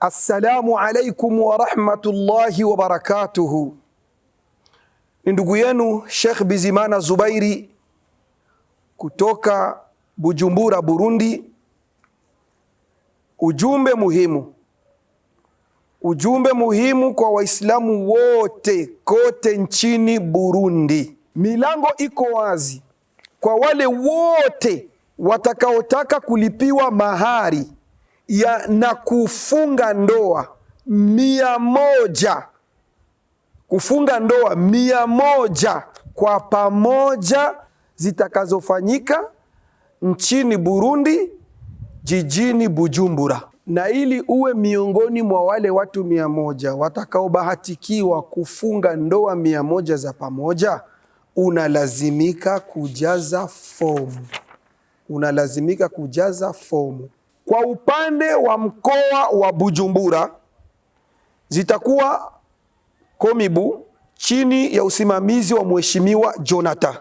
assalamu alaikum warahmatullahi wabarakatuhu. Ni ndugu yenu Sheikh Bizimana Zubairi kutoka Bujumbura, Burundi. Ujumbe muhimu, ujumbe muhimu kwa Waislamu wote kote nchini Burundi. Milango iko wazi kwa wale wote watakaotaka kulipiwa mahari ya na kufunga ndoa mia moja kufunga ndoa mia moja kwa pamoja zitakazofanyika nchini Burundi jijini Bujumbura, na ili uwe miongoni mwa wale watu mia moja watakaobahatikiwa kufunga ndoa mia moja za pamoja, unalazimika kujaza fomu, unalazimika kujaza fomu kwa upande wa mkoa wa Bujumbura zitakuwa Komibu chini ya usimamizi wa Mheshimiwa Jonathan.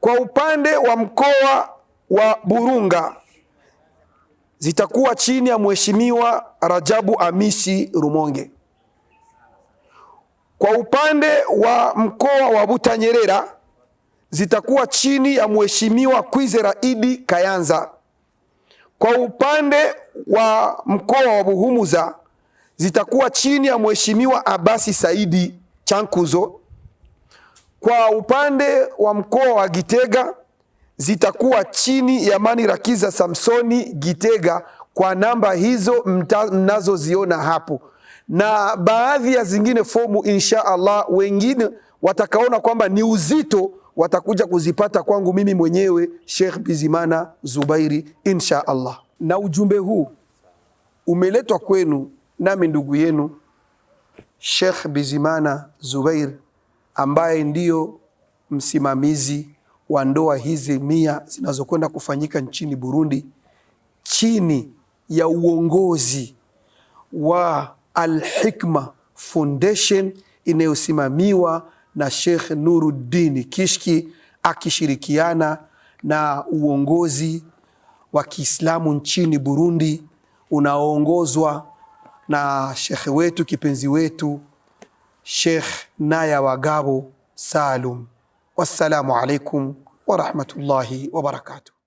Kwa upande wa mkoa wa Burunga zitakuwa chini ya Mheshimiwa Rajabu Amisi Rumonge. Kwa upande wa mkoa wa Butanyerera zitakuwa chini ya Mheshimiwa Kwizera Idi Kayanza. Kwa upande wa mkoa wa Buhumuza zitakuwa chini ya Mheshimiwa Abasi Saidi Chankuzo. Kwa upande wa mkoa wa Gitega zitakuwa chini ya mani rakiza Samsoni Gitega, kwa namba hizo mnazoziona hapo, na baadhi ya zingine fomu, insha Allah, wengine watakaona kwamba ni uzito watakuja kuzipata kwangu mimi mwenyewe Sheikh Bizimana Zubairi, insha Allah. Na ujumbe huu umeletwa kwenu nami ndugu yenu Sheikh Bizimana Zubairi ambaye ndiyo msimamizi wa ndoa hizi mia zinazokwenda kufanyika nchini Burundi chini ya uongozi wa Al-Hikma Foundation inayosimamiwa na Sheikh Nuruddin Kishki akishirikiana na uongozi wa Kiislamu nchini Burundi unaoongozwa na shekhe wetu kipenzi wetu Sheikh Naya Wagabo Salum. Wassalamu alaikum warahmatullahi wabarakatuh.